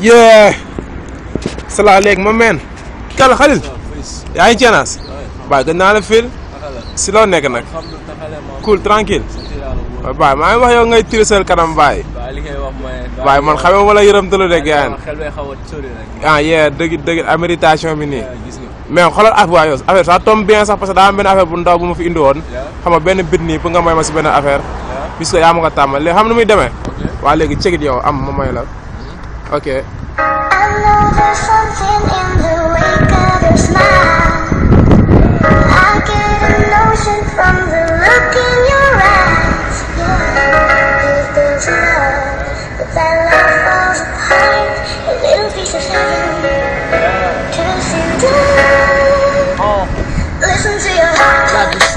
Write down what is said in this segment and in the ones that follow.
yee salaa léegi ma meen kal xalil yaa ngi baay gën naa la fil si loo nekk nag cool tranquille baay maa ngi wax yow ngay tirisal kanam baay baay man xamee wala yërëmtalu rek yaa ngi ah yee bi nii mais xoolal af waa yow affaire ça tombe bien sax parce daa am benn affaire bu ndaw bu fi indi woon xam nga benn bit nii pour nga may ma si benn affaire puisque yaa ma ko tàmmal léegi xam nu muy demee. waa léegi cegit yow am ma may la ok. Thank you.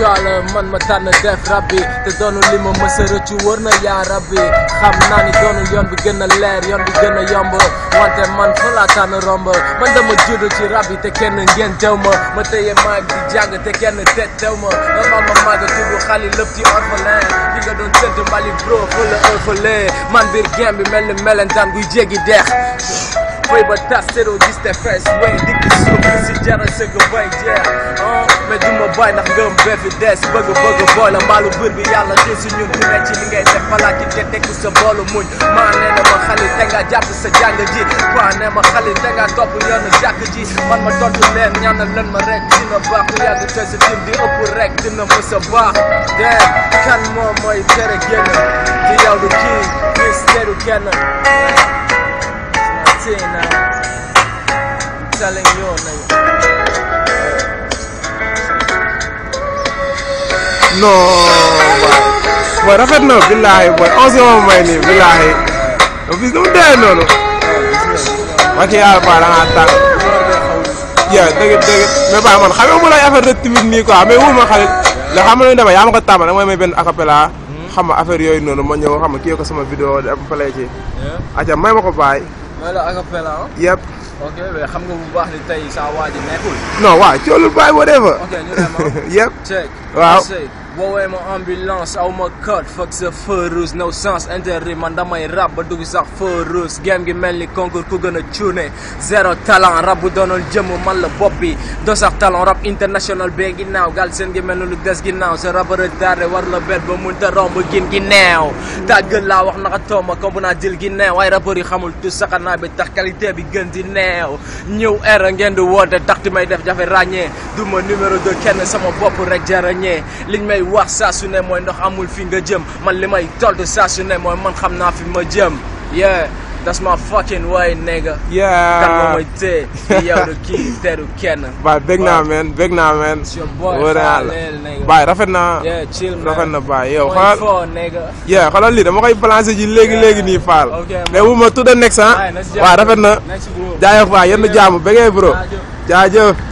sala man ma tànn def rabbi te doonu li ma mës a rëccu wër rabbi xam naa ni doonu yoon bi gën a leer yoon bi gën a yomb wante man fa laa tànn romb man dama judd ci rabbi te kenn ngeen tew ma ma tëye maag di jàng te kenn teet tew ma ma maam ma maaga tudd xali lëpp ci orphelin li nga doon sënt mbali bro fa orphelin man bir gen bi mel ni melentaan buy jéggi deex fëy ba tas séro gis te fees way dikk suuf si jara sëgg bay yeah bwana ngombe vides bugga bugga boy la mbalu bur bi yàlla jël si ku ne ci ngay def balaa ki te tegu sa boolu muñ maa nee na ma xali te nga jàpp sa jàng ji waa nee ma xali te nga topp yoonu jàkk ji man ma tontu leen ñaanal leen ma rek dina baax ku yàgg te sa di ëpp rek dina fa sa baax deen kan moom mooy tere génn ci yow du kii gis teru kenn see now i telling you now non waaw rafet na billaahi mooy onze moom may nii billaahi bis nu mu dee noonu wax yàlla ba da ngaa man xamee mu lay affaire de timide nii quoi mais wul ma xale la xam nga ma ko tàmbal da mooy yooyu noonu ma ñëw xam nga kii ko sama vidéo def fa may ma ko bàyyi may la acapella ah? yëpp ok mais xam waa woowee ma ambulance aw ma code fuck sa feureuse no sens interdit man damay rab ba dugg sax feureuse game gi mel ni concours ku gën a cuune zéro talent rab bu doonoon jëmm man la bopp bi doo sax talent rab international bee ginnaaw gal seen gi mel ni lu des ginnaaw sa rab retardé war la bet ba mun te romb gin gi neew taaj gën laa wax naka tooma comme naa jël gi neew ay rappeurs yi xamul tout saxanaa bi tax qualité bi gën di neew ñëw air ngeen di woote tax ti def jafe ràññee du ma numéro may wax saa su ne mooy ndox amul fi nga jëm man li may told saa su ne mooy man xam naa fi ma jëm yeah that's my fucking way nigga. yeah kenn. baay bëgg naa meen bëgg naa meen. wóor naa la baay rafet naa. rafet na baay yow xoolal. yeah dama koy balancer ji léegi léegi nii faal. mais bu ma tudd next ah. waaw rafet na. jaajëf waay yenn jaamu bëggee bro jaajëf.